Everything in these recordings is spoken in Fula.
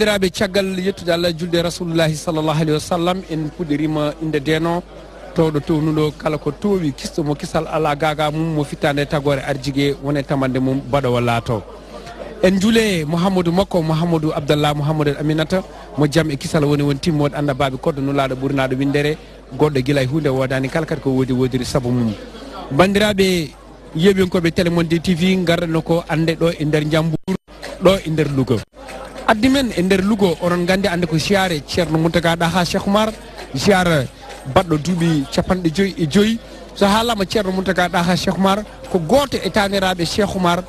bandiraɓe caggal yettude allah julde e rasulullahi sallllahu alahi wa sallam en puɗirima inde deno towɗo townuɗo kala ko towi kisto mo kisal ala gaga mum mo fittande tagore arjigue wone tamande mum baɗowa laato en juule mouhamadou makko mouhamadou abdallah mouhamadou aminata mo jaam e kisal woni won timmode annabaɓe koddo nulaɗo ɓurnaɗo windere goɗɗo guila e hunde wodani kala kadi ko wodi wodiri saabu mum bandiraɓe yeɓinkoɓe télémonde tv garɗano ko ande ɗo e nder jambour ɗo e nder lugo addi men e nder lugo oɗon gandi ande ko siare ceerno mutagaɗa ha cheikh oumar siare baɗɗo duuɓi capanɗe joyyi e joyyi so haalama ceerno mutagaɗa ha cheikh oumar ko goto e taniraɓe cheikh oumar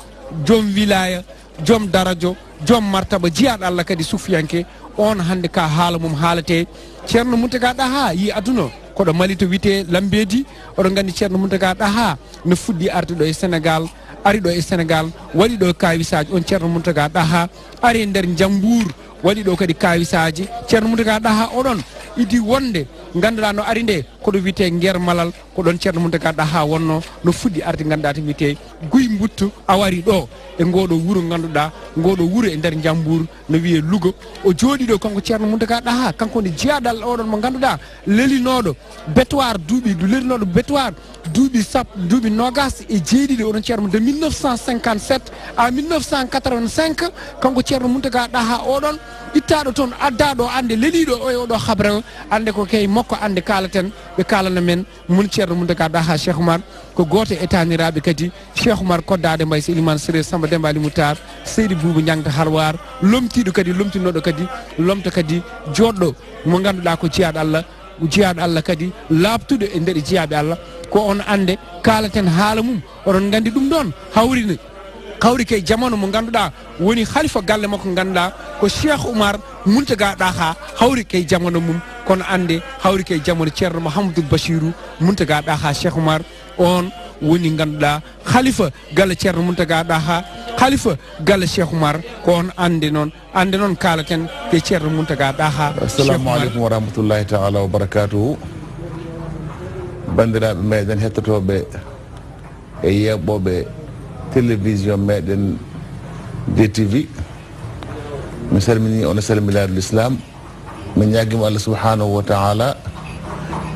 joom wilaya joom daradio joom martaba jiyaɗo allah kadi suufiyanke on hande ka haala mum haalate ceerno mutagaɗa ha yi aduna koɗo mali to wiite lambedi oɗon gandi ceerno mutagaɗa ha no fuɗɗi arde ɗo e sénégal ari ɗo e sénégal waɗi ɗo kawisaji on ceerno moutaga ɗaha ari e nder jambour waɗi ɗo kadi kawisaji ceerno moutaga ɗaha oɗon idi wonde ganduɗa no ari nde koɗo wiyete nguer malal ko ɗon ceerno mum de ganduɗa ha wonno no fuɗɗi arde ganduɗa to wiyete guy mbuttu awari ɗo e ngoɗo wuuro ganduɗa ngoɗo wuuro e nder jambour no wiye lugo o jooɗiɗo kanko ceerno mum de ganduɗa ha kanko ne jeyaɗal oɗon mo ganduɗa lelinoɗo betoir duuɓi lelinoɗo betoir duuɓi sap duuɓi nogas e jeeɗiɗi oɗon ceerno mum de 1957 à 1985 kanko ceerno mum de ganduɗa ha oɗon ittaɗo toon addaɗo ande leliɗo o e oɗo habrewo ande ko kay makko ande kalaten ɓe kalana men mun ceerno mum dakar da ha cheikh oumar ko goto etaniraɓe kadi cheikh oumar koddade mbay so iliman sere samba dembali moutar seydi boubo jangde halwar lomtiɗo kadi lomtinoɗo kadi lomta kadi joɗɗo mo ganduɗa ko jeyaɗo allah jeyaɗo allah kadi labtuɗo e nder jeyaɓe allah ko on ande kalaten haala mum oɗon gandi ɗum ɗon hawrina kawri ke jamanu mo ganduɗa woni halifa galle makko ganduɗa ko cheikh oumar muntagaɗa ha hawri ke jamanu mum kono ande hawri ke jamanu ceerno mahamadou basirou muntagaɗa ha cheikh oumar on woni ganduɗa halifa galle ceerno muntagaɗa ha halifa galle cheikh oumar ko on ande noon ande noon kalaten ke ceerno muntagaɗa ha assalamualeykum wa rahmatullahi taala wa barakatuhu bandiraɓe meɗen hettotoɓe e yeɓɓoɓe télévision meɗen dtv mi salmini ono salminade l'islam mi ñaguima allah subhanahu wa taala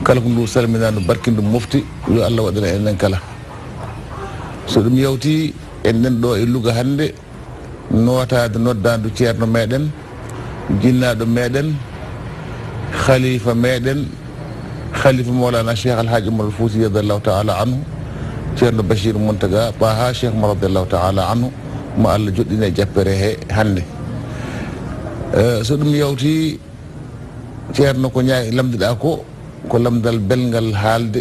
kala ko ndu salmina no barkindu mofti yo allah waɗana enen kala so ɗum yawti en nen ɗo e luga hannde notade noddadu ceerno meɗen jinnaɗo meɗen khalifa meɗen khalifa mawlana cheikh alhaji mol fouti radiallahu taala anhu ceerno bachir montaga paha cheikh mo radiallahu taala anhu mo allah joɗɗine jappere he hannde eh, so ɗum yawti ceerno ko ñaa lamdiɗa ko ko lamdal belgal haalde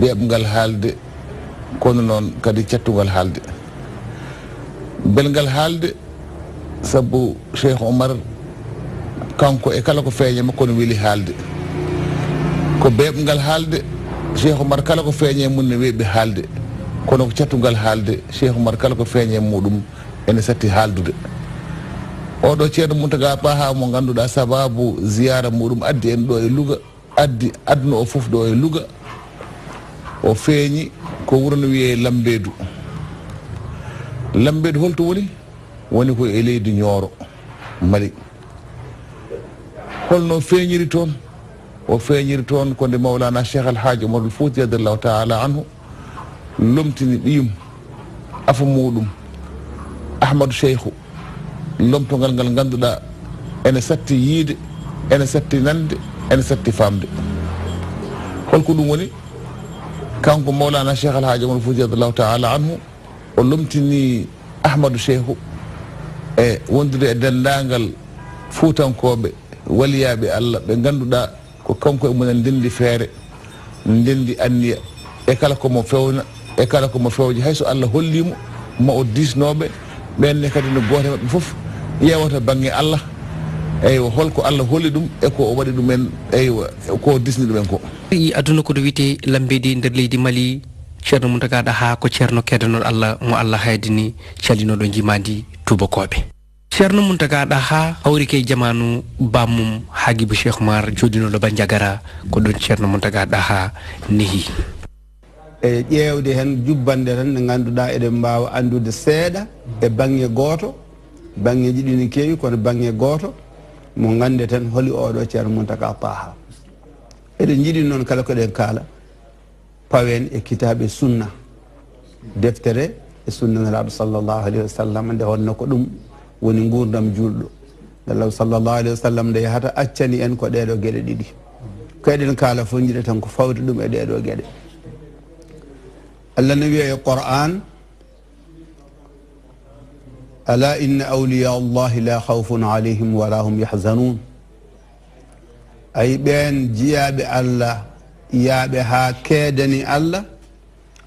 beɓgal haalde kono noon kadi cattugal haalde belgal haalde sabu cheikh oumar kanko e kala ko feeña makko no weeli haalde ko beɓgal haalde cheikh oumar kala ko feeñe mum ne weeɓe haalde kono ko cattugal haalde cheikh oumar kala ko feeñe muɗum ene satti haaldude oɗo ceerno moutaga paha mo ganduɗa sababu ziyara muɗum addi en ɗo e luga addi adduna o foof ɗo e luga o feeñi ko wuro no wiye lambeedu lambeedu holto woni woni ko e leydi ñooro mali holno feeñiri toon o feeñiri toon ko nde mawlana cheikh alhaaji omarul fouti radiallahu taala anhu lomtini ɗiyum afa muɗum ahmadou cheikhu lomtongal ngal ngannduɗa ene satti yiide ene satti nande ene satti faamde holko ɗum woni kanko mawlana cheikh alhaaji omarul fouti radiallahu taala anhu o lomtini ahmadou cheikhu e wondude e denndangal fuutankoɓe waliyaɓe allah ɓe ngannduɗa ko kanko e munen ndendi feere ndendi anndi e kala komo fewna e kala komo fewje hayso allah hollimo ma o disnoɓe ɓenne kadi no goote maɓɓe fof ƴewata bange allah eyyo holko allah holli ɗum eko o waɗi ɗumen eyo ko disni ɗumen ko i aduna koto wite lambeɗi nder leydi mali ceerno mo dagaɗa ha ko ceerno kedanoɗo allah mo allah haydini calinoɗo jimandi tubakoɓe ceerno mum tagaɗa ha hawri ke jamanu bammum haguibo cheikh mar joɗinoɗo ba jagara ko ɗon ceerno mum tagaɗa ha nehi e ƴeewde hen jubbande tan nde ganduɗa eɗen mbawa andude seeɗa e bangge goto bangge jiɗi ne kewi kono bangge goto mo gande tan holi oɗo e ceerno mum taga paaha eɗen jiɗi noon kala koɗen kaala pawen e kitaɓe sunna deftere e sunna nelaɗo sallllahu alayhi wa sallam nde honno ko ɗum woni gurdam julɗo allah sallllahu alih wa sallam nde yahata accani en ko ɗeɗo gueɗe ɗiɗi ko eɗen kaala fo jiɗa tan ko fawti ɗum e ɗeɗo gueɗe allah ne wiya e qouran ala inna awliya llahi la haufun alayhim wala hum yahzanun ayi ɓen jiyaɓe allah yaaɓe ha keedani allah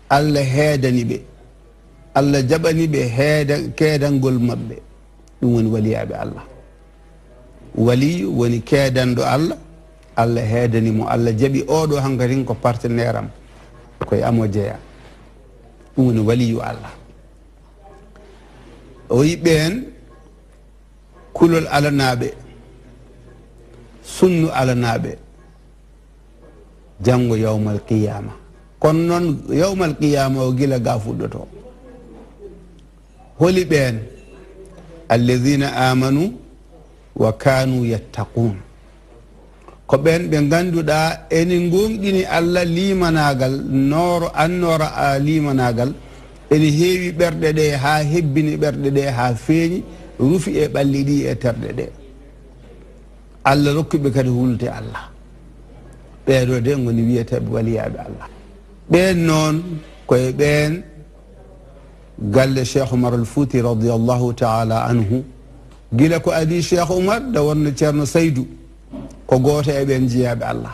allah heedani ɓe allah jaɓani ɓe heeda keedangol maɓɓe ɗum woni waliyaɓe allah waliyu woni keedanɗo allah allah heedanimo allah jaɓi oɗo han katin ko partenaire am koye amo jeeya ɗum woni waliyu allah o yiɓeen kulol alanaaɓe sunnu alanaaɓe janngo yawma alqiyama kono noon yawma alqiyama o gila ga fuɗɗoto holi ɓeen alladina amanu wa kanu yattaqun ko ɓen ɓe ganduɗa eni gonɗini allah limanagal noro annora a limanagal ene heewi ɓerɗe ɗe ha hebbini ɓerɗe ɗe ha feeñi rufi e ɓalli ɗi e terɗe ɗe allah rokkiɓe kadi hulde allah ɓeɗo de goni wiyeteɓe waliyaɓe allah ɓen noon koye ɓen galle cheikh oumar alfouti radiallahu taala anhu gila ko ali cheikh oumar nde wonno ceerno saydou ko goote e ɓen jeyaɓe allah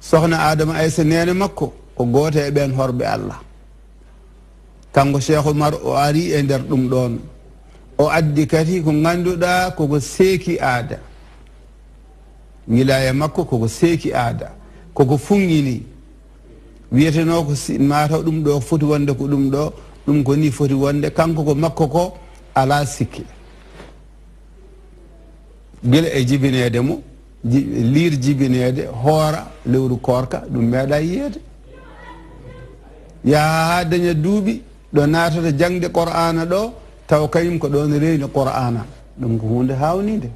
sohna adama aysa nene makko ko goote e ɓen horɓe allah kanko cheikh oumar o ari e nder ɗum ɗon o addi kadi ko ganduɗa koko seeki aada gilaye makko koko seeki aada koko funŋini wiyeteno ko mataw ɗum ɗo foti wonde ko ɗum ɗo ɗum goni foti wonde kanko ko makko ko ala sikke gila e jibinede mo liir jibinede hoora lewru korka ɗum meeɗa yiyeede yaha ha daña duuɓi ɗo naatata jangde qur'ana ɗo taw kañum ko ɗon rewni qur'ana ɗum ko hunde hawnide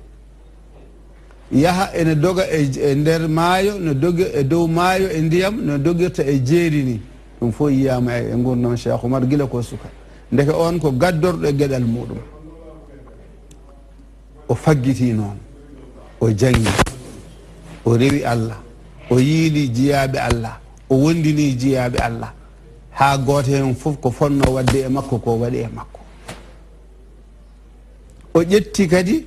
yaha ene doga e, e nder maayo ne dogi e dow maayo e ndiyam no dogirta e jeeri ni ɗum fof yiyama e gurnam cheikh oumar guila ko suka deke on ko gaddorɗo e gueɗal muɗum o faggiti noon o jangi o rewi allah o yiili jiyaɓe allah o wondini jiyaɓe allah ha goto hen fof ko fonno wadde e makko ko waɗi e makko o ƴetti kadi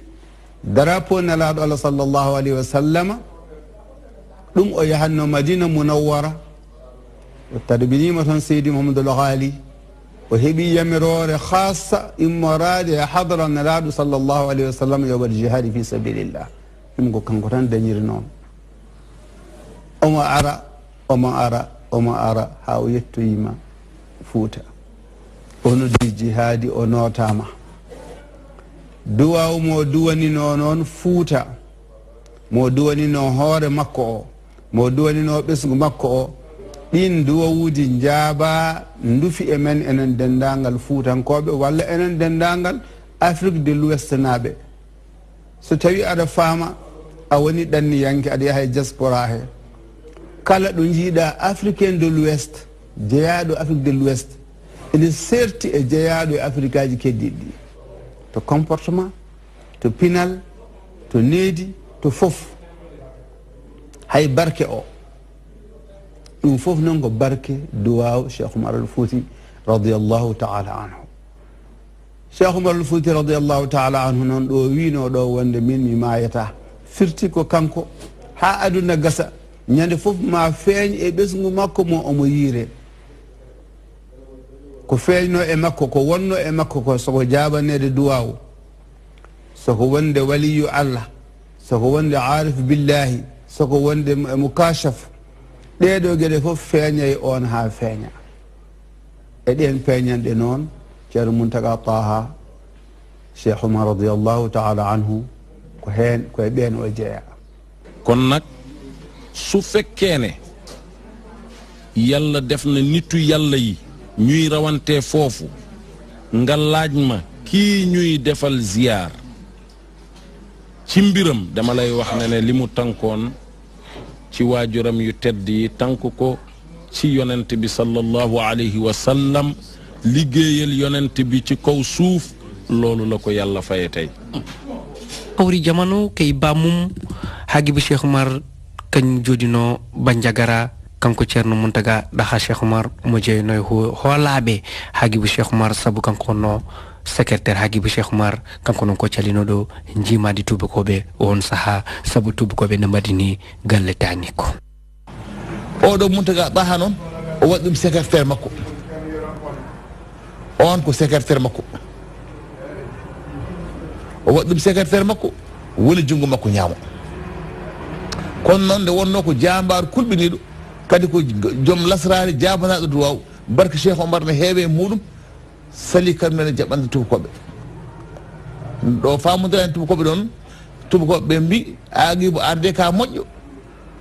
drapo nelaɗo allah sallllahu alayhi wa sallama ɗum o yahanno madina munawwara o tarbinima tan seydi mahamadou alhaali o heeɓi yamirore hassa immorade e hadranelaɗo sallllahu alayhi wa sallam yo waɗ jihadi fi sabilillah ɗum ko kanko tan dañiri noon omo ara omo ara omo ara ha o yettoyima fuuta onodi jihaadi o notama duwaw mo duwanino noon fuuta mo duwanino hoore makko o mo duwanino ɓesgu makko o ɗin duwawuji jaaba dufi e men enen dendagal fuutankoɓe walla enen dendagal afrique de l'ouest naɓe so tawi aɗa faama a woni ɗanni yanke aɗa yaha e diaspora he kala ɗo jiiɗa africain de l'ouest jeeyaɗo afrique de l'ouest ene serti e jeeyaɗo e afrique aji keddiɗi ɗi to comportement to pinal to needi to fof hay barke o ɗum fof noon ko barke duwaw cheikh oumar alfouti radiallahu taala anhu cheikh oumar alfouti radiallahu taala anhu noon ɗo wino ɗo wonde min mi mayata firti ko kanko ha aduna gasa ñande fof ma feeñ e ɓesgu makko mo omo yiire ko feeñno e makko ko wonno e makko ko soko jabanede duwaw soko wonde waliyu allah soko wonde arif billahi soko wonde mukashafe ɗeɗo geɗe fof feeñay on ha feeña e ɗen feeñanɗe noon ceerno muntaga taha cheikh umar radiallahu taala anhu ko hen koye ɓen o e jeeya kono nak su fekkeene yallah defna nittu yallah yi ñuy rawante foofu ngal laaj ma kii ñuy defal ziyar ci mbiram dama lay wax ne ne li mu tankoon ci waajuram yu tedd yi tànk ko ci yonent bi salallahu alayhi wa sallam liggéeyal yonent bi ci kaw suuf loolu la ko yàlla faye tey awri jamano kay bàmum xagi bi cheikh omar kañ jóodinoo ba njagara kanko ceerno muntaga daxa cheikh omar mo jeey noy xoolaabe xagi bi cheikh omar sabu kanko noo secrétaire haguibou cheikh oumar kanko noon ko calino ɗo jimadi tubakoɓe on saaha saabu tubakoɓe ne mbaɗini galle taniko oɗo mumtaga ɓaha noon o waɗi ɗum secrétaire makko on ko secrétaire makko o waɗi ɗum secrétaire makko woli junngo makko ñaamo kono noon nde wonno ko jambaru kulɓiniɗo kadi ko joom lasrari jabanaɗo duwaw barke cheikh oumar ne heewe e muɗum sali kamumene jaɓande tubakoɓe ɗo famodira hen tubakoɓe ɗon tubakoɓe ɓe mbi aguibo arde ka moƴƴo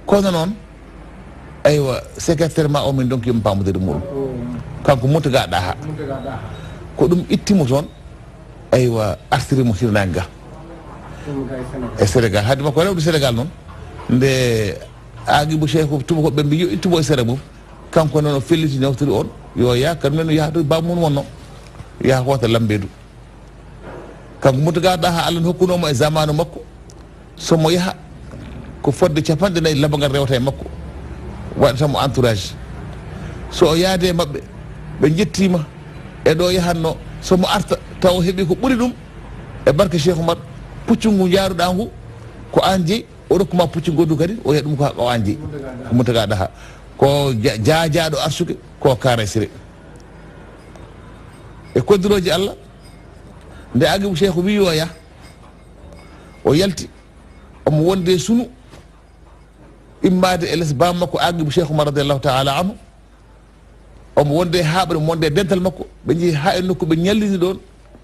kono noon aywa secrétaire ma o min donk yomi pamodire muɗum kanko mutagaɗa ha ko ɗum ittimo toon aywa artirimo hirnage ga e sénégal haade makko rewde sénégal noon nde aguibo cheikh tubakoɓe ɓe mbi yo ittumo e sére boof kanko noon o fellitinewtori on yo yaa kadumen yahatu bamum won noo yaha hoota lambeedu kanko mutagaɗa ha allah n hokkunoma e zamanu makko somo yaaha ko fodde capanɗe nayyi lambagal rewata e makko waɗatamo entourage so o yaade e mabɓe ɓe jettima e ɗo yahanno somo arta taw o heeɓi ko ɓuuri ɗum e barke cheikh omar puccungu jaruɗa ngu ko an jeeyi o rokkuma puccugoddu kadi o wiya ɗum ko haqa o an jeeyi ko mutagaɗa ha ko jajaɗo arsuke ko kara sire e koddirooji allah nde agibu cheikhu wi o yaha o yalti omo wonde sunu immaade e les bam makko agibu cheikhu ma radiallahu taala anhu omo wonde haaɓere monde dental makko ɓe jehi ha e nokku ɓe ñallini ɗon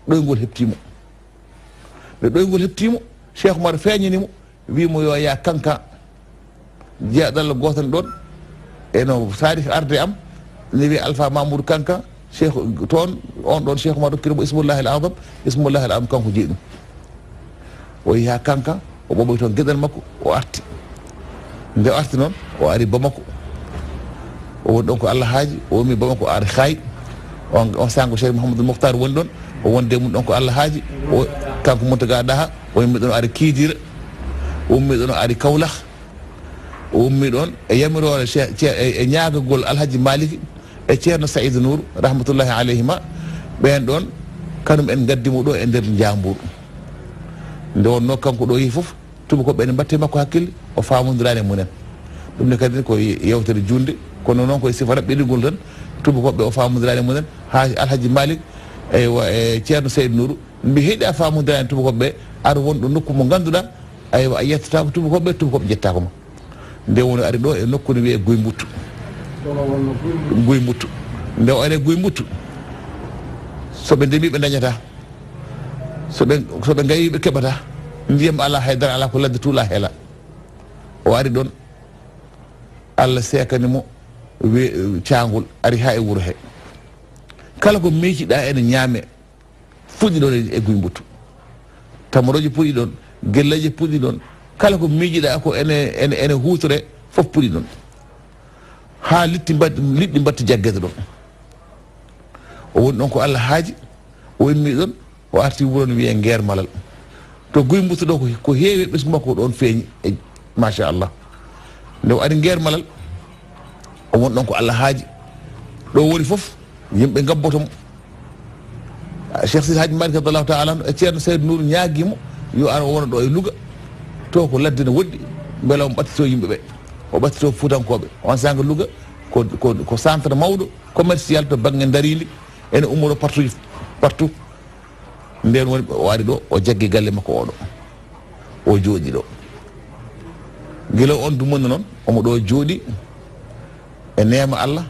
ɗoygol heptimo nde ɗoygol heptimo cheikhu mar feeñanimo wimo yo ya kanka jeeyaɗallah gootal ɗon eno tarih arde am ne wi alpha mamoudou kanka cheikh toon on ɗon cheikh oumadou kirimo ismullahi l adam ismullahi l adam kanko jii ɗum o yeehi ha kanka o ɓoɓoy toon gueɗel makko o arti nde o arti noon o ari bamako o woni ɗon ko allah haaji o wonmi bamako o ari haay on on sango cheikh mouhamadou mouhtar woni ɗon o wonde mum ɗon ko allah haaji o kanko montaga ɗaha o wonmi ɗon o ari kiidira o wonmi ɗon o ari kawlah o wonmi ɗon e yamirore e, e ñagagol alhaji maliki e ceerno saydou nour rahmatullahi aleyhima ɓen ɗon kañum en gaddimo ɗo e nder jambour nde wonno kanko ɗo yii foof tubakoɓe ne mbatte makko hakkille o famodirani e munen ɗum ne kadi ko yewtere junde kono noon koye sifa raɓɓiɗigol tan tubakoɓe o famodirani e munen ha alhaji malik e e ceerno saydou nour mbi heeɗi a famodirani tubakoɓeɓe ara won ɗo nokku mo ganduɗa ayo a yettatako tubakoɓeɓe tubakoɓe jettakoma nde woni ari ɗo e nokku ne wiye guye mbuttu guy mbuttu nde one guy mbuttu soɓe ndemi ɓe dañata soɓe soɓe gayi ɓe keɓata ndiyam ala haydara ala ko ladde tuula heela o ari ɗon allah seekanimo we caangol ari ha e wuuro he kala ko meeciɗa ene ñaame fuɗɗi ɗon e guy mbuttu tamoroje puɗɗi ɗon gellaje puɗɗi ɗon kala ko miijiɗa ko ene ene ene huutore fof puɗɗi ɗon ha litti ba liɗɗi mbatti jaggede ɗon o woni ɗon ko allah haaji o wonni ɗon o arti wuro no wiye guer malal to guymbuto ɗo ko heewi e ɓesgu makko ɗon feeñi e machallah nde o ari guer malal o won ɗon ko allah haaji ɗo woni fof yimɓe gabbotomo cheikh sid haji malik radiallahu taala no e ceerno seyde nouru ñaaguimo yo ar o wona ɗo e luga to ko ladde no woɗɗi beelawmo ɓattito yimɓeɓee o ɓattito fuutankoɓe on sanga luga ko ko ko centre mawɗo commercial to banggue darili ene ummoro partout partout nden woni o ari ɗo o jaggue galle makko oɗo o jooɗi ɗo guila on dumonde noon omo ɗo jooɗi e neema allah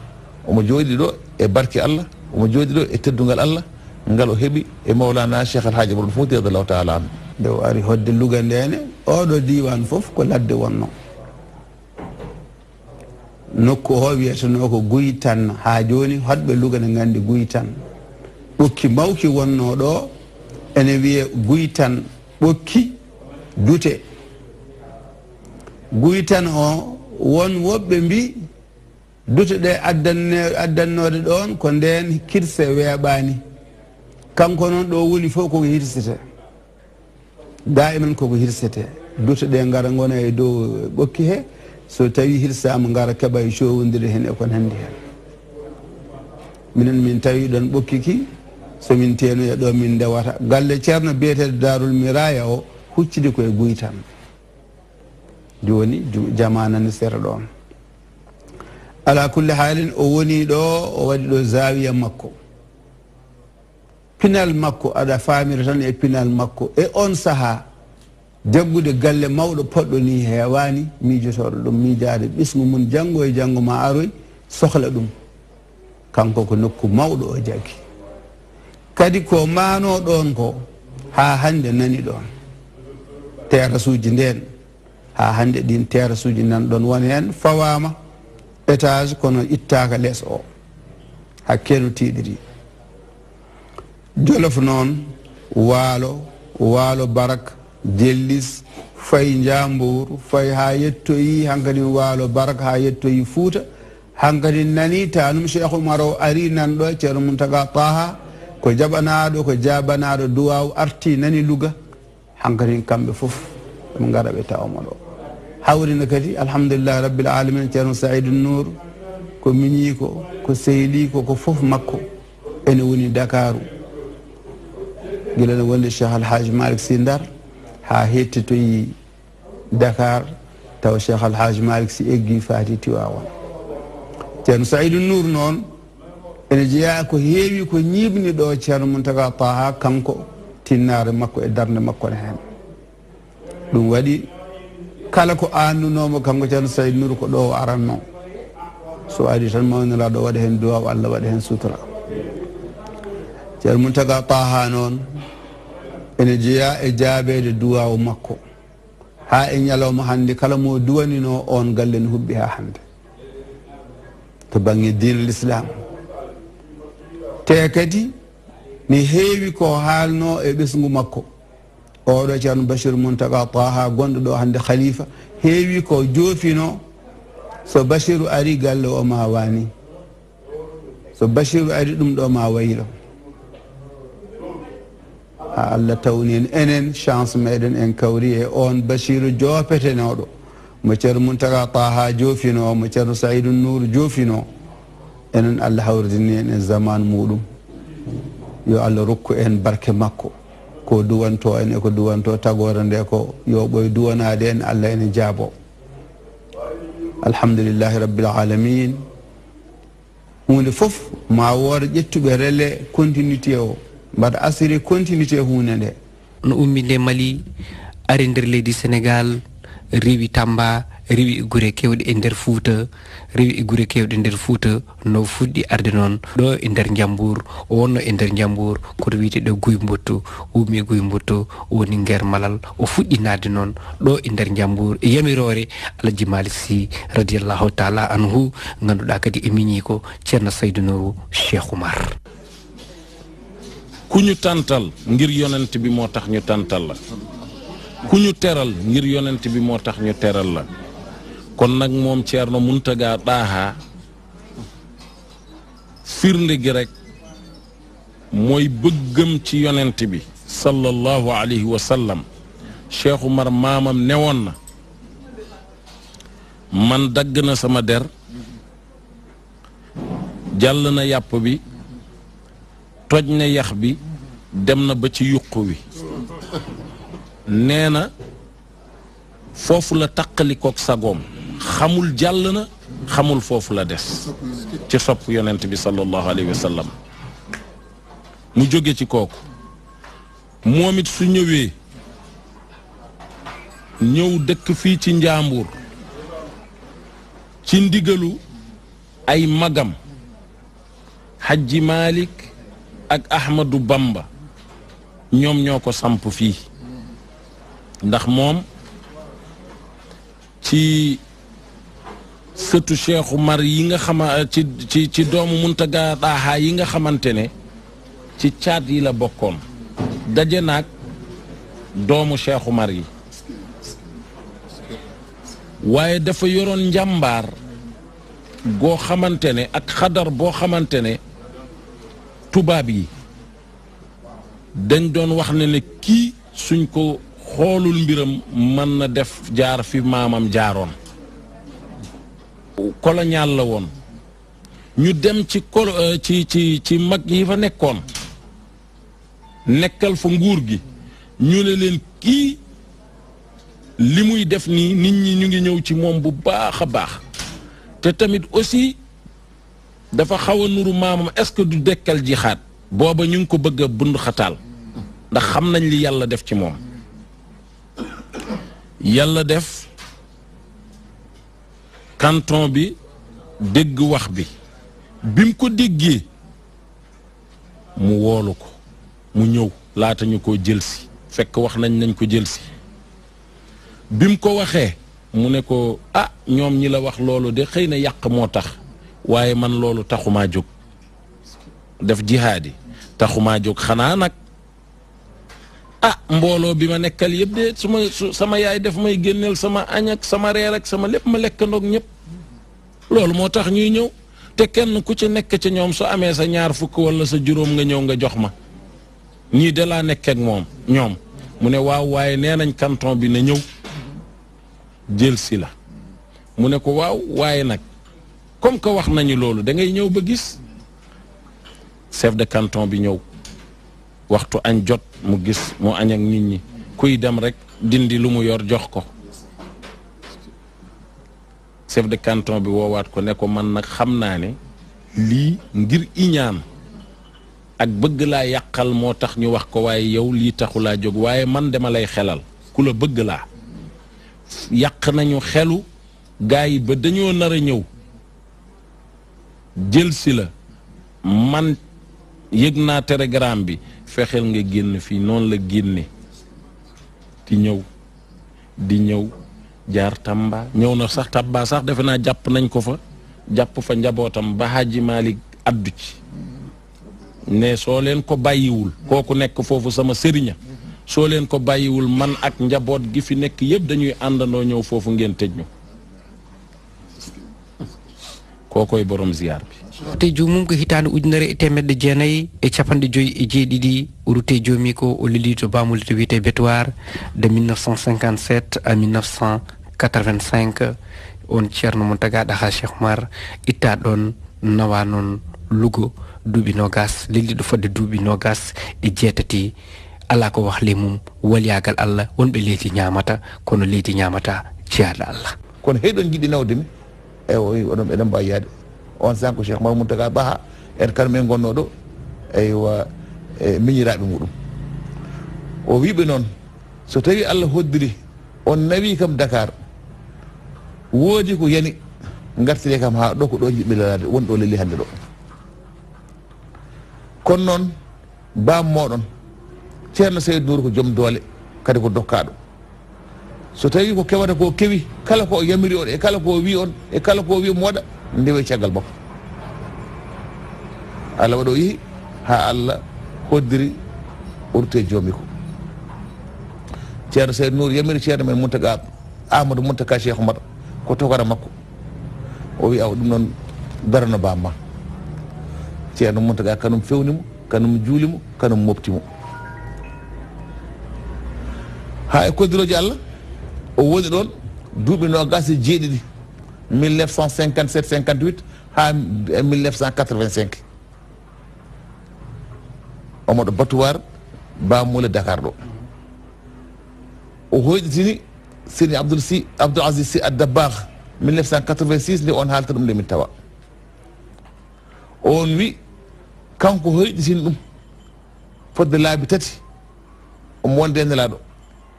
omo jooɗi ɗo e barke allah omo jooɗi ɗo e teddugal allah ngal o heeɓi e mawlana cheikh alhaji ɓoɗo fouti radiallahu taala anu nde o ari hodde luga ndene oɗo diwan foof ko ladde wonno nokku o wiyatano ko guyi tan ha joni hotɓe luga ne gandi guyi tan ɓokki mawki wonno ɗo ene wiye guy tan ɓokki dute guyi tan o won woɓɓe mbi dute ɗe addanne addannode ɗon ko nden kirse weeɓani kanko noon ɗo woni fof koko hirsete da imen e koko hirsete dute ɗe gara gona e dow ɓokki he so ta yi hirsa mun gara keeɓa e sowodira hen hin ekon hande hen minen min ta yi bukiki so min somin ya ɗo min da wata. galle ceerno da darul miraya o huccide koye guy tan joni jamanani sera don. ala kulli halin o woni do o wadi do zawiya makko pinal makko ada famir tan e pinal makko e on saha. jaggude galle mawɗo poɗɗo ni heewani miijotoɗo ɗum miijade ɓisgu mum janngo e janngo ma aroy sohla ɗum kanko ko nokku mawɗo o jaggi kadi ko maano ɗon ko ha hande nani ɗon terrace uji nden ha hande ɗin terrace uji nan ɗon won hen fawama étage kono ittaka lees o hakkeno tiɗiri jolof noon waalo waalo barak dellis fayi jambowuro fayi ha yettoyi hankkadi waalo baraka ha yettoyi fuuta hankkadi nani tanum cheikhu mar o ari nanɗo ceerno mum taga paha ko jaɓanaɗo ko jabanaɗo duwaw arti nani luga hankkadi kamɓe foof ɓe gara ɓe tawma ɗo hawrino kadi alhamdulillah rabbilalamina ceerno saidu nour ko miñi ko ko sehli ko ko foof makko ene woni dakaru gila ne wonde cheikh alhaji malik sindar ha hettitoyi dakar taw cheikh alhaji malik si eggi fati tiwawon ceerno saydou nour noon ene jeeya ko heewi ko ñiibni ɗo ceerno moumtaga taha kanko tinnare makko e darde makko ne hen ɗum waɗi kala ko annunomo kanko ceerno saydou nour ko ɗo aranno so adi tan mawniraɗo waɗa hen duwaw allah waɗa hen sutura ceerno moumtaga taha noon ene jeeya e jaabeede duwa o makko haa e ñalawma hannde kala mo duwanino oon galle no huɓɓi haa hannde to baŋnge diina l islam te kadi ne heewi ko haalnoo e ɓesngu makko oɗo e ceerno bachiru muntaga taha gonɗo ɗo hannde khalifa heewi ko joofinoo so bachiru ari galle o ma waani so bachiru ari ɗum ɗo ma wayilo ha allah tawni en enen chance meɗen en kawri e on bachiru jopete newɗo mo ceeru mum taga taha jofino mo ceeru saidu nouru jofino enen allah hawritini en en zaman muɗum yo allah rokku en barke makko ko duwanto en eko duwanto tagore nde ko yo ɓoye duwanade en allah ene jaabo alhamdulillahi rabbilalamin hunde foof ma woore ƴettuɓe relais continuité o mbaɗa assuré continuité e hunde nde no umminde e mali ari nder leydi sénégal rewi tamba rewi e guure kewɗe e nder fouta rewi e guure kewɗe e nder fouta no fuɗɗi arde noon ɗo e nder jambour wonno e nder jambour koto wiite ɗo guymbottu wumi e guymbottu woni nguer malal o fuɗɗinade noon ɗo e nder jambour e yamirore alaji mali sy radiallahu taala anhu ganduɗa kadi e miñi ko ceerno saydounowo cheikh oumar kuñu tantal ngir yonent bi mo tax ñu tantal la kuñu téral ngir yonent bi mo tax ñu téral la kon nak mom cierno Muntaga daha firnde gi rek moy ci yonent bi sallallahu alayhi wa sallam Cheikh Umar mamam newon na man dagna sama der jall na yap bi toj yakh bi demna ba ci yuq wi neena fofu la la taqalikook sagom xamul jàll xamul fofu la dess ci sop yonent bi sallallahu alayhi wa sallam mu jóge ci kooku momit su ñewé ñëw dëkk fi ci njambur ci ndigelu ay magam haji malik ak Ahmadou Bamba ñoom ñoo ko samp fii ndax moom ci sëtu Cheikh mar yi nga xama ci ci ci doomu Muntaga yi nga xamante ne ci caat yi la bokkoon daje naag doomu Cheikh mar yi waaye dafa yoroon njàmbaar goo xamante ne ak xadar boo xamante ne tubaab yi dañ doon wax ne ne ki suñ ko xoolul mbiram mën na def jaar fi maamam jaaroon colonial la woon ñu dem ci kol euh, ci ci ci mag yi fa nekkoon nekkal fa nguur gi ñu ne leen kii li muy def nii nit ñi ñu ngi ñëw ci moom bu baax a baax te tamit aussi dafa xaw a nuru maamam est-ce que du dekkal jixaat booba ñu ngi ko bëgg a bund xataal ndax xam nañ li yàlla def ci moom yàlla def canton bi dégg wax bi bi mu ko déggee mu woolu ko mu ñëw laata ñu ko jëlsi fekk wax nañ nañ ko jëlsi bi mu ko waxee mu ne ko ah ñoom ñi la wax loolu de xëy na yàq moo tax waaye man loolu taxumaa def jihadi, taxumaa jóg xanaa nag ah mbolo bima ma nekkal yëpp de ma sama yaay def may génneel sama añ sama reer ak sama lépp ma lekkandoog ñëpp loolu moo tax ñuy ñëw te kenn ku ci nekk ci ñoom su amee sa ñaar fukk wala sa juróom nga nga jox ma de nekk ak mu ne waaw waaye nee nañ canton bi na ñëw jël mu ne ko waaw comme ko wax nañu loolu da ngay ñew ba gis chef de canton bi ñew waxtu añ jot mu gis mo añ ak nit ñi kuy dem rek dindi lu mu yor jox ko chef de canton bi woowaat ko ne ko man nak xam ne ngir iñaan ak bëgg la motak mo tax ñu wax ko waye yow li taxu laa jóg waaye man dama lay xelal ku la bëgg la nañu xelu gaay ba dañu nara ñew jël si la man yëg naa télégramme bi fexeel nga génn fii noonu la génne di ñëw di ñëw jaar Tamba ñëw na sax Tamba sax defe naa jàpp nañ ko fa jàpp fa njabootam ba Hadji Malick addu ci ne soo leen ko bàyyiwul kooku nekk foofu sama sëriña soo leen ko bàyyiwul man ak njaboot gi fi nekk yëpp dañuy àndandoo ñëw foofu ngeen tëj ñu ko koye borom ziyarbe te jomum ko hitande ujunere e temedde jeenayyi e capanɗe joyyi e jeeɗiɗi o rutte joomi ko o lili to bamuli to wiyete betoir de 1957 à 1985 on ceerno mon tagaɗa ha cheikh mar itta ɗon nawa noon lugo duuɓi nogas lilliɗo fodde duuɓi nogas e jeetati ala ko wahle mum waliyagal allah wonɓe leydi ñamata kono leydi ñamata jeyaɗo allah kono heyɗon jiɗi nawdemi eyi oɗon ɓeɗen mbawi yaade on san ko cheikh mahmoud taga baha en kala men gonnoɗo eywa e miñiraɓe muɗum o wiɓe noon so tawi allah hoddiri on nawi kam dakar woodi ko yani gartire kam ha ɗo ko ɗo jiɓɓilalade woni ɗo lelli hande ɗo kono noon bammoɗon ceerno seydo nuuri ko joom doole kadi ko dokkaɗo so tawi ko kewata ko kewi kala ko yamiri on e kala ko wi on e kala ko wi mowaɗa ndewe caggal makko allah waɗa o yeehi ha allah hoddiri urte joomi ko ceerno seyd nour yamiri ceerno men montaga amadou montaka cheikh omar ko tokara makko o wi awa ɗum noon darano bamma ceerno montaga kanum fewnimo kanum juulimo kanum moftimo ha e koddiroji allah o woni ɗon duuɓi no gasi jeeɗiɗi 1957 58 ha 1985 omoɗo batuwar bamule dakar ɗo o hoyɗitini sini abdoul si abdoul asis si addabbar 1986 nde on haalta ɗum nde min tawa on wi kanko hoyɗitini ɗum fodde laabi tati omo wonde e nelaɗo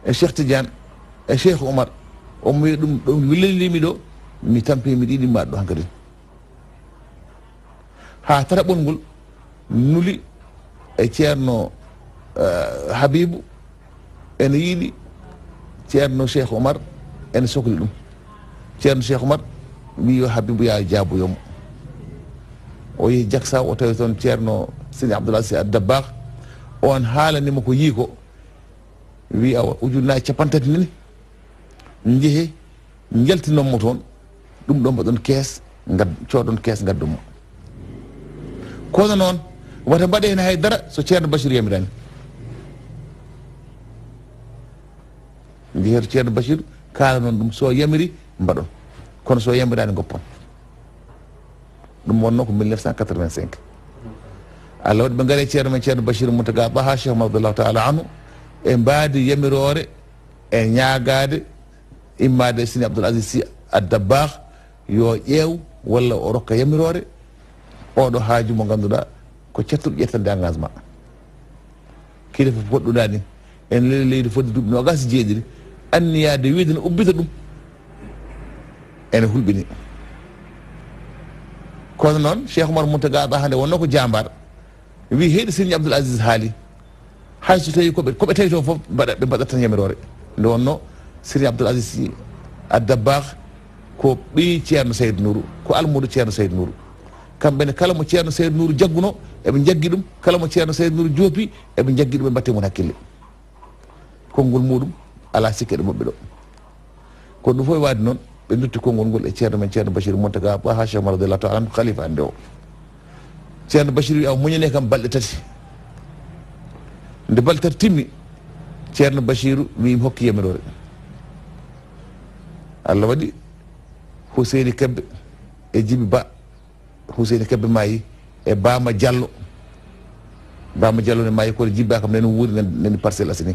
e cheikh tidiane e cheikh oumar omo wiya ɗum ɗo willilimi ɗo mi tampimi ɗiɗi mbaɗɗo hankkadi ha taraɓol ngol nuli e ceerno e, habibou ene yiiɗi ceerno cheikh oumar ene sohli ɗum ceerno cheikh oumar wi yo habibou ya jaaboyomo o yehi jaksa o tawi toon ceerno sidi abdoulah si addabbakh on haalanima ko yii ko wi a ujunnaji capantati nini jehe jaltinommo toon ɗum ɗon mbaɗon kees gad coodon kees gaddumo kono noon wata mbaɗe hen haydara so ceerno bachir yamirani jehe to ceerno bachir kaala noon ɗum so yamiri mbaɗon kono so yamirani goppon ɗum wonno ko 1985 allah waɗi ɓe gari e ceerno men ceerno bachir mutaga baha cheikh mo radiallahu taala anu e mbaadi yamirore e ñaagade immade sini abdoul asis si addabbar yo ƴeew walla o rokka yamirore oɗo haaju mo ganduɗa ko cattuɗo ƴettande engagement kiɗe fof poɗɗuɗa ni en leli leydi fodde duuɓi nogasi jeeɗiɗi anniyade wiide ne ubbita ɗum ene hulɓini kono noon cheikh oumar mountagaɓa hande wonno ko jambar wi heyɗi sirni abdoul asis haali hayso tawi koɓe koɓe tawi to fof ɓe mbaɗat tan yamirore nde wonno siri abdoul asis addabbar ko ɓii ceerno seydo nouru ko almudo ceerno seydo nouru kamɓene kala mo ceerno seydo nouru jagguno eɓe jaggui ɗum kala mo ceerno seydo nouru joopi eɓe jaggui ɗum ɓe mbatte mon hakkille konngol muɗum ala sikke ɗe moɓɓe ɗo kono ɗum foof e wadi noon ɓe dutti konngol ngol e ceerno men ceerno bachir montaga ba hachama radiallahu taala anu khalifa ande o ceerno bachir wi awa moñane kam balɗe tati nde balɗe tati timmi ceerno bachiru wimi hokki yemiroore allah waɗi huseni kebbe e jibi ba huseni kebbe mayi e bama diallo bama diallo ne mayi kode jibba kam nani wuuri nani parcelle asini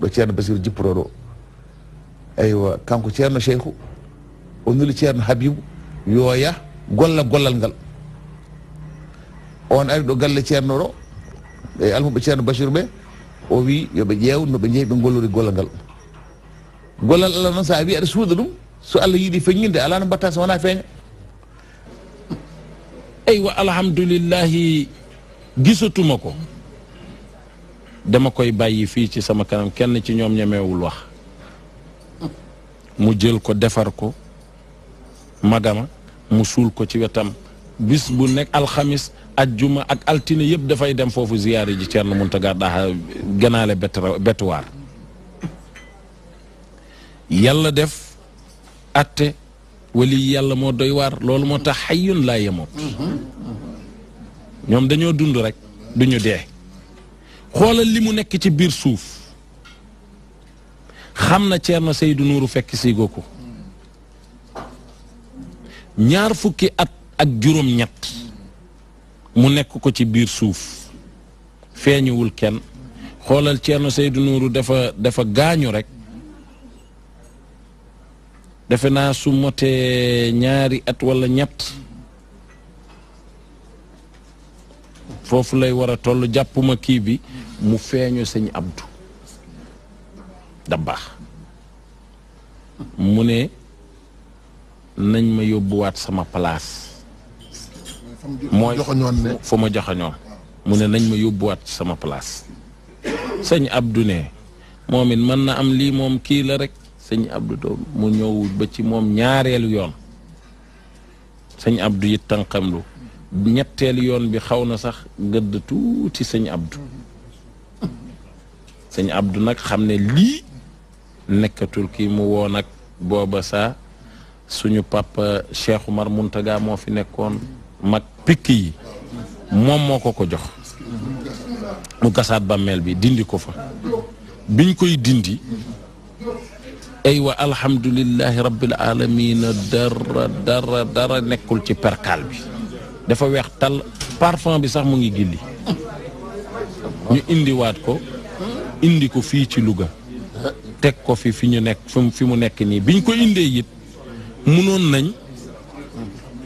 ɗo ceerno basiru jippotoɗo eywa kanko ceerno cheikhu o nuli ceerno habibu yo yaa golla gollal ngal on ari ɗo galle ceerno ɗo e almuɓe ceerno basiru ɓe o wi yooɓe ƴeew noɓe jeehi ɓe gollori gollal ngal gollal allah noon so a wi aɗa suuda ɗum so allah yiiɗi feññinde ala no mbatta so wona feeña eyi wa alhamdulillahi gisotuma ko dema koye bàyyi fii ci sama kanam kenn ci ñoom ñemeewul wax mu jël ko defar ko madama mu suul ko ci wetam bis bu nekk alxamis ajjuma ak altine yëpp dafay dem foofu ziyaare ji ceerno munta gaddaha genaale bet bettuwaar yalla def atte wali yalla moo doy waar loolu moo tax xayun laa yemoot ñoom dañoo dund rek duñu dee xoolal li mu nekk ci biir suuf xam na ceerna seydou nuuru fekk siigoo ko ñaar fukki at ak juróom ñett mu nekk ko ci biir suuf feeñuwul kenn xoolal ceerna seydou nuuru dafa dafa gaañu rek defena su moté ñaari at wala ñett fofu lay wara tollu jappuma ki bi mu feñu señ abdu da bax mune nañ ma wat sama place moy fa ne fuma mu mune nañ ma wat sama place señ abdu ne momin man na am li mom ki la rek sëñ abdu do mu ñëw ba ci mom ñaarelu yoon abdou abdu tankam lu ñettel yoon bi xawna sax geud tuuti sëñ abdu sëñ abdu nak xamne li nekatul ki mu wo nak boba sa suñu papa Cheikh Umar Muntaga mo fi nekkon mak pikki mom moko ko jox mu bammel bi dindi ko fa biñ koy dindi aywa alhamdulillahi rabbil alamina dara dara dara nekul ci perkal bi dafa weex tal parfum bi sax mu ngi gilli ñu ko indi ko fi ci Louga teg ko fi fi ñu nekk fi mu nekk nii biñ ko indee it munoon nañ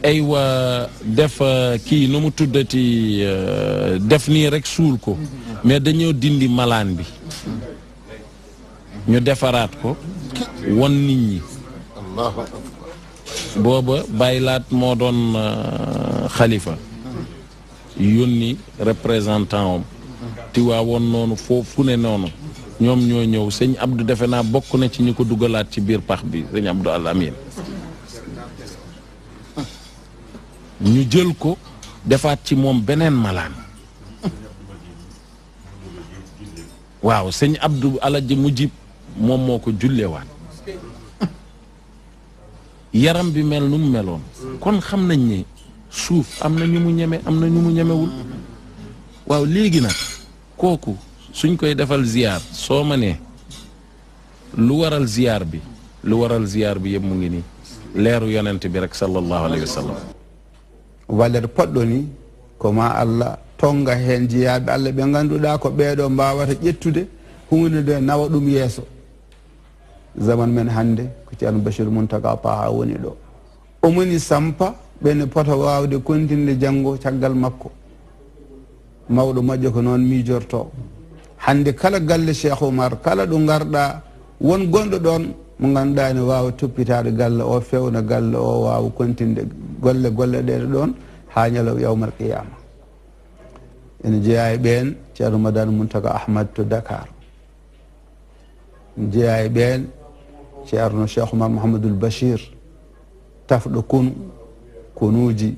aywa def euh, kii nu mu tuddati euh, def nii rek suul ko mais dindi malaan bi ñu defaraat ko won nit ñi booba baylaat moo doon euh, xalifa représentant am tiwaa woon noonu ne non ñoom ñoo ñëw Abdou defe naa na ci ko ci biir pax bi sëñ Abdou al Amin ñu jël ko ci waaw Abdou alaji mujib moom moo ko jullewaan yaram bi mel num meloon kon xam nañ ne suuf am na ñu mu ñeme am na ñu mu ñemewul waaw léegi nag kooku suñ koy defal ziar soo ma nee lu waral ziar bi lu waral ziar bi yëpp mu ngi ni leeru yonent bi rek salallahu aleyhi wa sallam waler poɗɗo ni koma allah tonga heen jiyaaɓe allah ɓe ngannduɗaa ko ɓeeɗo mbaawata ƴettude hunde nde nawa ɗum yeeso zaman men hannde ko ceerno bachir muntaga paha woni ɗo omoni sampa ɓene pota wawde kontinde janggo caggal makko mawɗo moƴƴo ko noon miijorto hannde kala galle cheikh oumar kala ɗo garɗa won gonɗo ɗon mo ganduɗa ne wawa toppitade galle o fewna galle o wawa kontinde golle golle ɗeɗe ɗon ha ñalo yawmal qiyama ene jeeya e ɓen ceerno madane muntaga ahmad to dakar jeeya e ɓen ceerno cheikh umar mouhamadoul bachir tafɗo kunu konuuji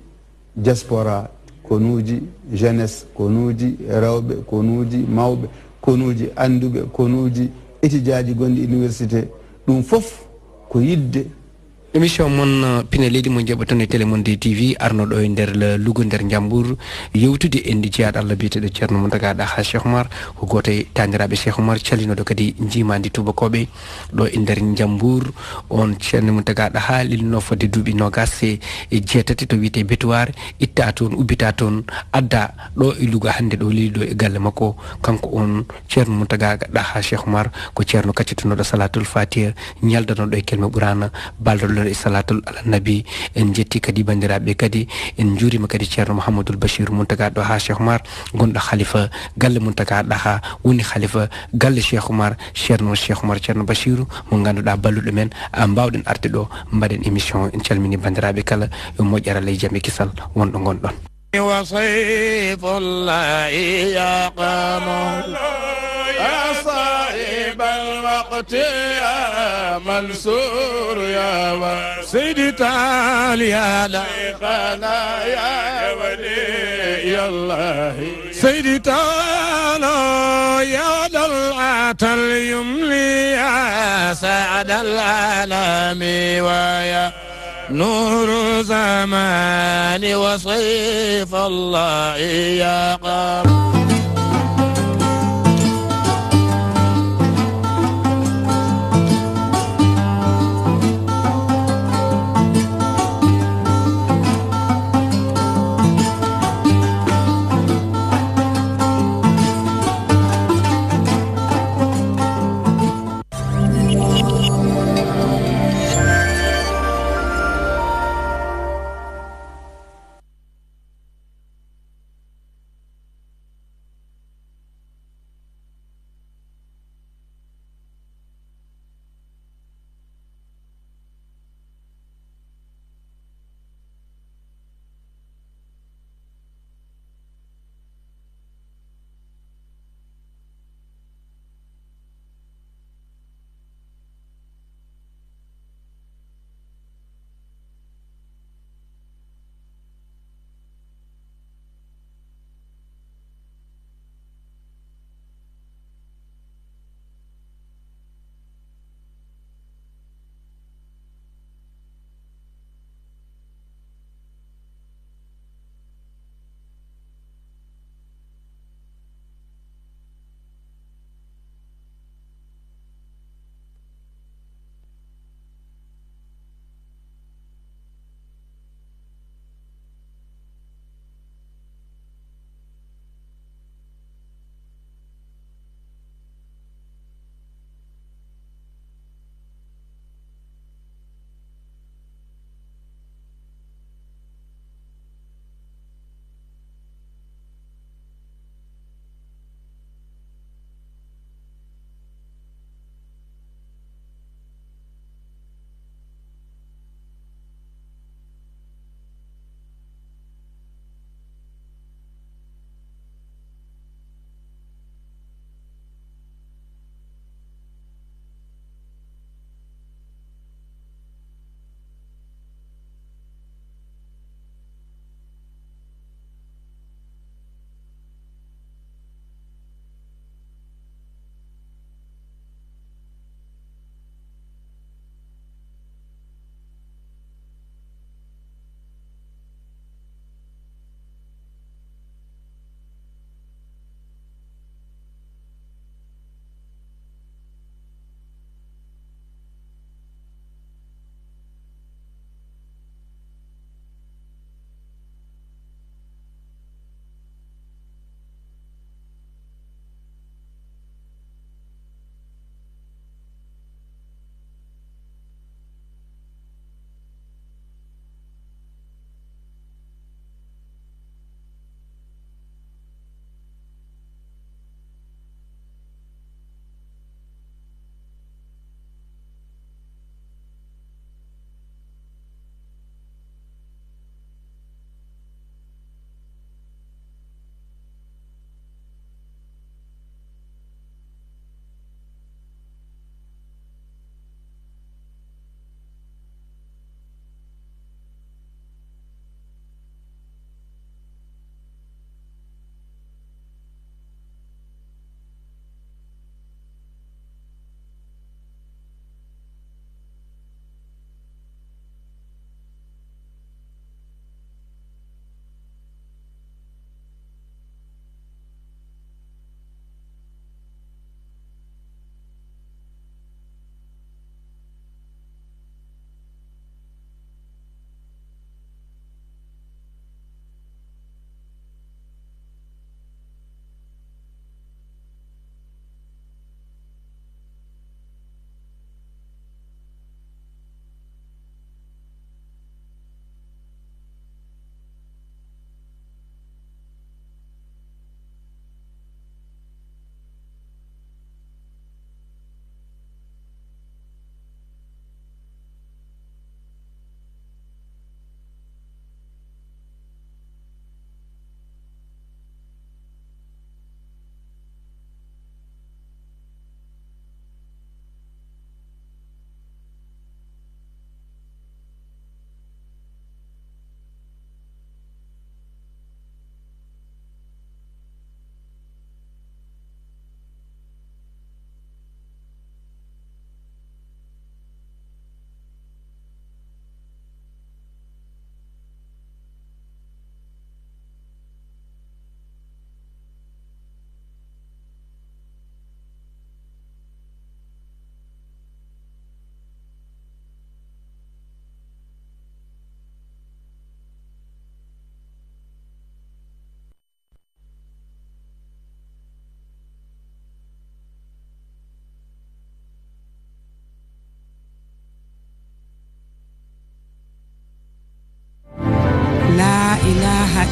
diaspora konuuji jeunesse konuuji rewɓe konuuji mawɓe konuuji anduɓe konuuji étudiat ji gonɗi université ɗum fof ko yidde émission moon euh, pine leydi mo jaɓa tan e télé monde tv arno ɗo e nder lugo nder jambour yewtude en jeyaɗo allah biyeteɗo ceerno montagaɗa ha cheikh omar ko goto e taniraɓe cheikh omar calinoɗo kadi jimadi tubakoɓe ɗo e nder jambour on ceerno montagaɗa ha lilino fodde duuɓi nogas e jeetati to wiyete betoir itta toon ubbita toon adda ɗo e lugo hannde ɗo leydi ɗo e galle makko kanko on ceerno montagaɗa ha cheikh omar ko ceerno kaccitanoɗo salatul fatir ñaldanoɗo e kelme ɓurana balɗo alayhi salatul ala nabi en jetti kadi bandiraɓe kadi en juurima kadi ceerno mouhamadoul bachir muntagaɗo ha cheikh oumar gonɗo khalifa galle muntagaɗa ha woni khalifa galle cheikh oumar ceerno cheikh oumar ceerno bachirou mo ganduɗa balluɗo men mbawɗen arde ɗo mbaɗen émission en calmini bandiraɓe kala yo moƴƴaralay jaame kisal wonɗo gonɗon wasifullah yaqamo صوتي يا منصور يا سيدي تعال يا ليقنا يا ولي الله سيدي تعال يا دلعة اليملي يا سعد العالم ويا نور الزمان وصيف الله يا قمر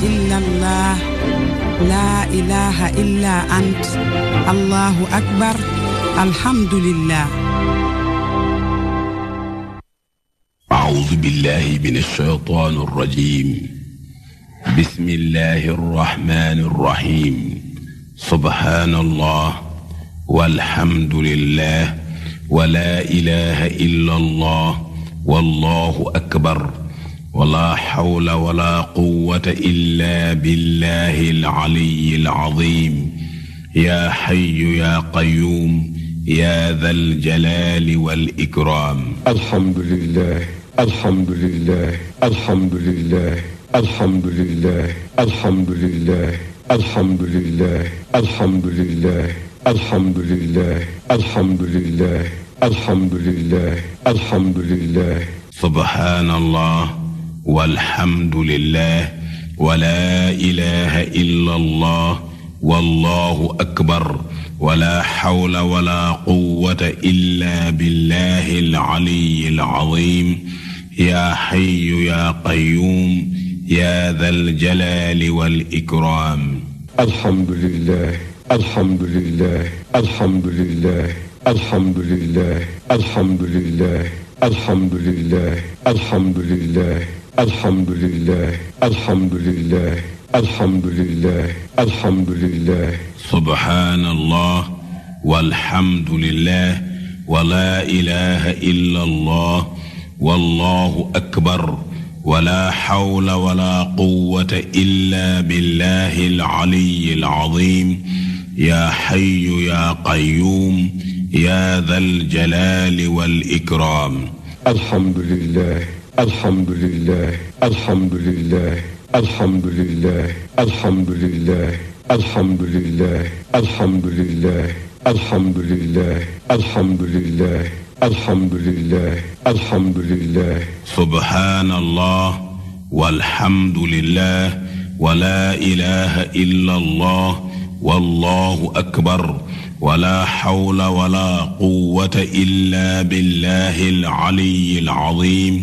إلا الله لا إله إلا أنت الله أكبر الحمد لله أعوذ بالله من الشيطان الرجيم بسم الله الرحمن الرحيم سبحان الله والحمد لله ولا إله إلا الله والله أكبر ولا حول ولا قوة إلا بالله العلي العظيم يا حي يا قيوم يا ذا الجلال والإكرام الحمد لله الحمد لله الحمد لله الحمد لله الحمد لله الحمد لله الحمد لله الحمد لله الحمد لله الحمد لله الحمد لله سبحان الله والحمد لله ولا إله إلا الله والله أكبر ولا حول ولا قوة إلا بالله العلي العظيم يا حي يا قيوم يا ذا الجلال والإكرام الحمد لله الحمد لله الحمد لله الحمد لله الحمد لله الحمد لله الحمد لله الحمد لله الحمد لله الحمد لله الحمد لله سبحان الله والحمد لله ولا إله إلا الله والله أكبر ولا حول ولا قوة إلا بالله العلي العظيم يا حي يا قيوم يا ذا الجلال والإكرام الحمد لله الحمد لله الحمد لله الحمد لله الحمد لله الحمد لله الحمد لله الحمد لله الحمد لله الحمد لله الحمد لله سبحان الله والحمد لله ولا إله إلا الله والله أكبر ولا حول ولا قوة إلا بالله العلي العظيم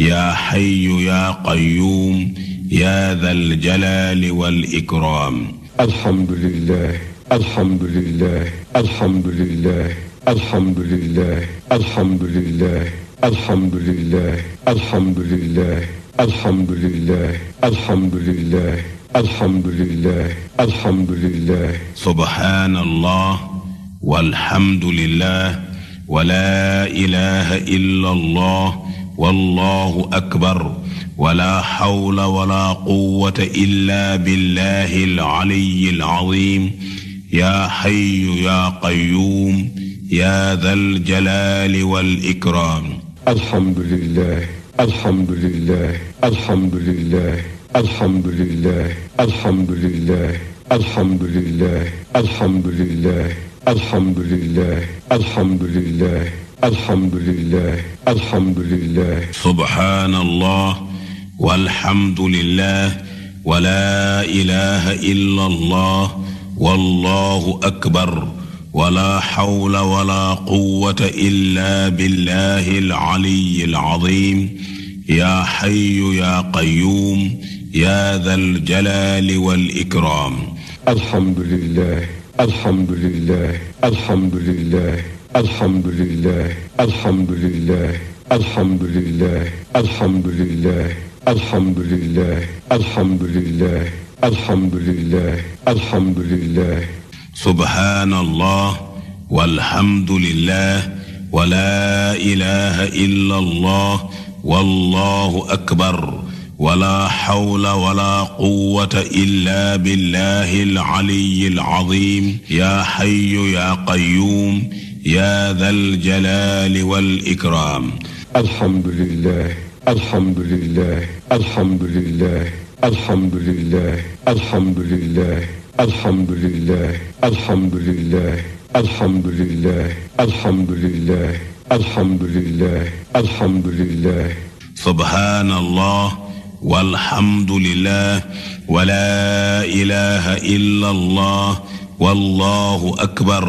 يا حي يا قيوم يا ذا الجلال والإكرام الحمد لله الحمد لله الحمد لله الحمد لله الحمد لله الحمد لله الحمد لله الحمد لله الحمد لله الحمد لله الحمد لله سبحان الله والحمد لله ولا إله إلا الله والله اكبر ولا حول ولا قوه الا بالله العلي العظيم يا حي يا قيوم يا ذا الجلال والاكرام الحمد لله الحمد لله الحمد لله الحمد لله الحمد لله الحمد لله الحمد لله الحمد لله الحمد لله الحمد لله الحمد لله سبحان الله والحمد لله ولا إله إلا الله والله أكبر ولا حول ولا قوة إلا بالله العلي العظيم يا حي يا قيوم يا ذا الجلال والإكرام الحمد لله الحمد لله الحمد لله الحمد لله الحمد لله الحمد لله الحمد لله الحمد لله الحمد لله الحمد لله الحمد لله سبحان الله والحمد لله ولا إله إلا الله والله أكبر ولا حول ولا قوة إلا بالله العلي العظيم يا حي يا قيوم يا ذا الجلال والإكرام الحمد لله الحمد لله الحمد لله الحمد لله الحمد لله الحمد لله الحمد لله الحمد لله الحمد لله الحمد لله الحمد لله سبحان الله والحمد لله ولا إله إلا الله والله أكبر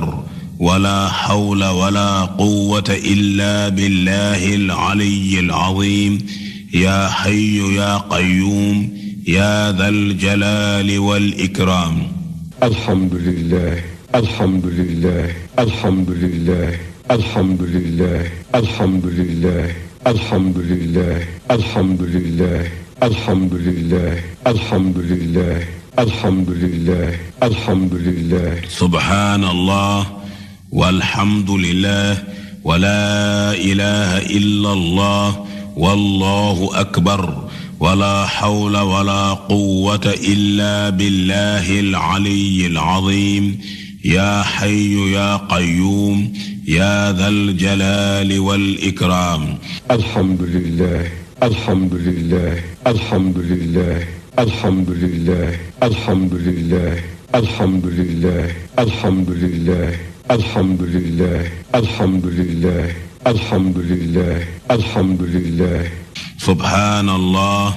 ولا حول ولا قوة إلا بالله العلي العظيم يا حي يا قيوم يا ذا الجلال والإكرام الحمد لله الحمد لله الحمد لله الحمد لله الحمد لله الحمد لله الحمد لله الحمد لله الحمد لله الحمد لله الحمد لله سبحان الله والحمد لله ولا إله إلا الله والله أكبر ولا حول ولا قوة إلا بالله العلي العظيم يا حي يا قيوم يا ذا الجلال والإكرام الحمد لله الحمد لله الحمد لله الحمد لله الحمد لله الحمد لله الحمد لله الحمد لله الحمد لله الحمد لله الحمد لله سبحان الله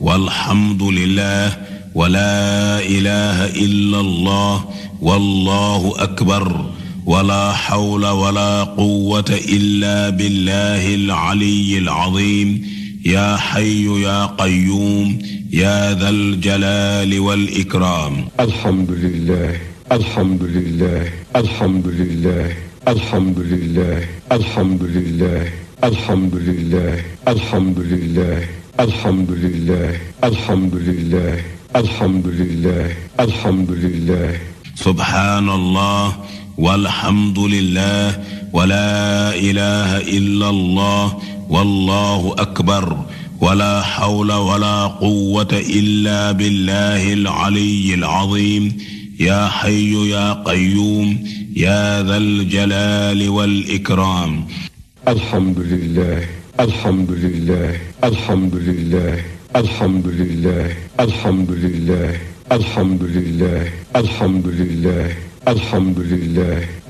والحمد لله ولا إله إلا الله والله أكبر ولا حول ولا قوة إلا بالله العلي العظيم يا حي يا قيوم يا ذا الجلال والإكرام الحمد لله الحمد لله الحمد لله الحمد لله الحمد لله الحمد لله الحمد لله الحمد لله الحمد لله الحمد لله الحمد لله سبحان الله والحمد لله ولا إله إلا الله والله أكبر ولا حول ولا قوة إلا بالله العلي العظيم يا حي يا قيوم يا ذا الجلال والإكرام الحمد لله الحمد لله الحمد لله الحمد لله الحمد لله الحمد لله الحمد لله الحمد لله